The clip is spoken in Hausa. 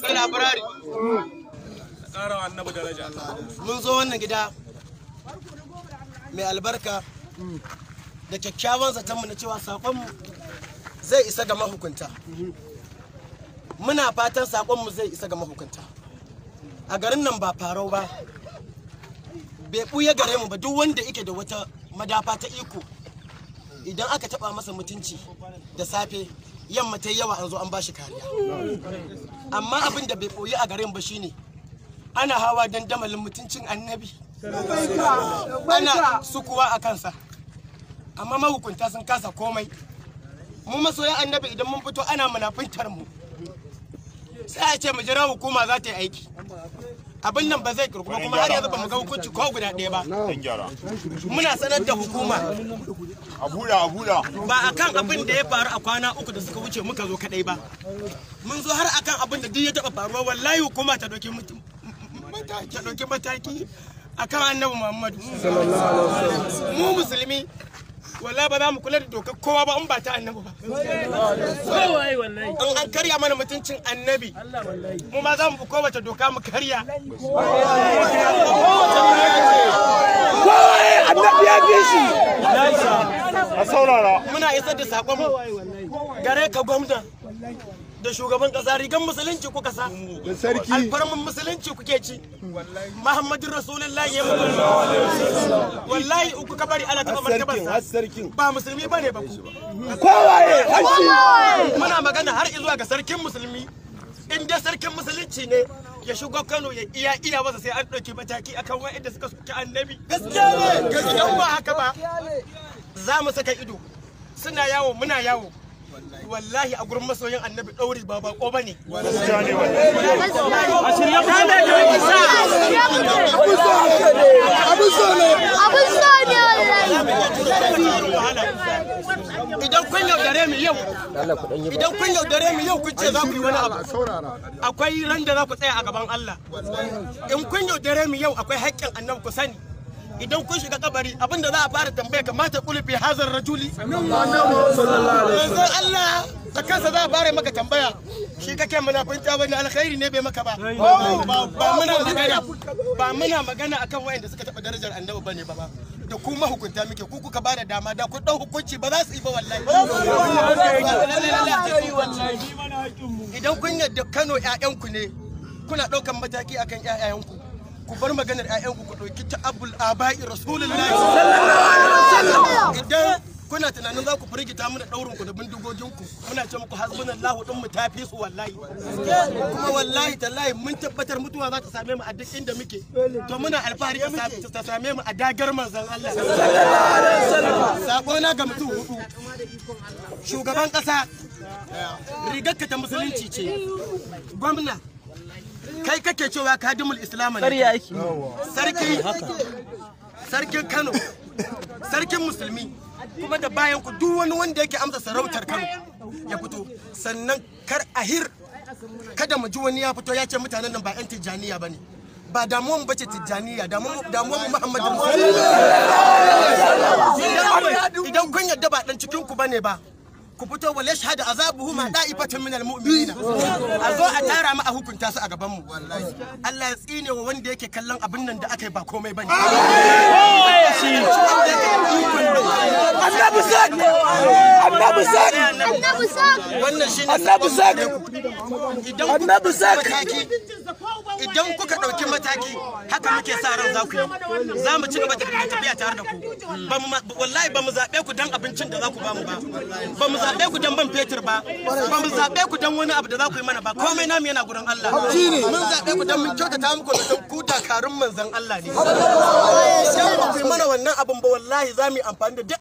sai labirari mun zo wannan gida mai albarka da kyakkyawan zatonmu na cewa saƙonmu zai isa ga mahukunta muna fatan saƙonmu zai isa ga mahukunta a garin nan ba farau ba bai ɓuya gare mu ba duk wanda yake da wata madafa ta iko idan aka taɓa masa mutunci da safe yamma ta yawa an zo an bashi kariya amma abin da bai koyi a garin ba shine ana hawa damalin mutuncin annabi ana sukuwa a kansa amma mahukunta sun kasa komai mu masoyan annabi idan mun fito ana munafintar mu sai a ce mu jira hukuma za ta yi aiki abin nan ba zai kirkuma ba kuma har yanzu ba mu ga hukunci ko guda ɗaya ba muna sanar da hukuma ba a kan abin da ya faru a kwana uku da suka wuce muka zo kaɗai ba mun zo har akan abin da duk ya taba faruwa wallahi hukuma ta ɗauki mataki akan annabi muhammadu mu musulmi wala ba za mu kula da dokar kowa ba in ba ta annabi ba wallahi an karya mana mutuncin annabi mu ma za mu kowace doka mu karya kowaye annabi ya fi shi a saurara muna isar da sakon gare ka gwamna da shugaban kasa rigan musulunci kuka sa sarki alfarmin musulunci kuke ci muhammadin rasulullahi ya mutu wallahi uku ka bari ana taba martabar ba musulmi bane ba ku kowaye hanci muna magana har izuwa ga sarkin musulmi in dai sarkin musulunci ne ya shugo Kano ya iya iya masa sai an ɗauki mataki akan wa'anda suka soki annabi gaskiya ne gaskiya ba haka ba za mu saka ido suna yawo muna yawo wallahi a gurin masoyin annabi ɗauri ba bako ba ne idan kun yaudare mu yau idan kun yaudare mu yau kun ce za ku yi wani abu akwai ran da za ku tsaya a gaban Allah in kun yaudare mu yau akwai haƙƙin annabi ku sani idan kun shiga kabari abinda za a fara tambaya kamata kulufi hazar rajuli Allah da kansa za a fara maka tambaya shi kake munafunta wani alkhairi ne bai maka ba ba muna magana ba muna magana akan wayanda suka taba darajar annabi bane ba da ku mahukunta muke ku kuka bada dama da ku dau hukunci ba za su yi ba wallahi idan kun yadda Kano ƴaƴanku ne kuna daukan mataki akan ƴaƴanku ku bar maganar ƴaƴanku ku ɗauki abul abai rasulullahi sallallahu alaihi wasallam idan kuna tunanin za ku firgita mana daurin ku da bindigogin ku muna ce muku hasbunallahu din mu tafi su wallahi kuma wallahi tallahi mun tabbatar mutuwa za ta same mu a duk inda muke to muna alfahari ta same mu a dagar manzon Allah sallallahu alaihi wasallam sako na ga mutum hudu shugaban kasa rigakata ta musulunci ce gwamna kai kake cewa kadimul islam ne yake sarki sarkin Kano sarkin musulmi kuma da bayan ku duk wani wanda yake amsa sarautar Kano ya fito sannan kar ahir kada mu ji wani ya fito ya ce mutanen nan ba yan tijjaniya ba ne ba damuwan bace tijjaniya damuwan Muhammad Musa idan kun yadda ba dan cikin ku bane ba ku fito wa shahada azabuhu ma hmm. da'ifatan min mu'minina hmm. a zo a tara mu a hukunta su a gaban mu Allah ya tsine wa wanda yake kallon abin nan da aka yi ba komai bane Annabi sallallahu annabi sak annabi sak annabi sak idan kuka ɗauki mataki haka muke sa ran za ku yi za mu ci gaba da tafiya tare da ku wallahi ba mu zaɓe ku dan abincin da za ku ba mu ba ba mu zaɓe ku dan ban fetur ba ba mu zaɓe ku dan wani abu da za ku yi mana ba komai namu yana gurin Allah mun zaɓe ku don mun kyautata muku da don ku dakarun manzon Allah ne. Idan ba ku yi mana wannan abin ba wallahi za mu yi amfani da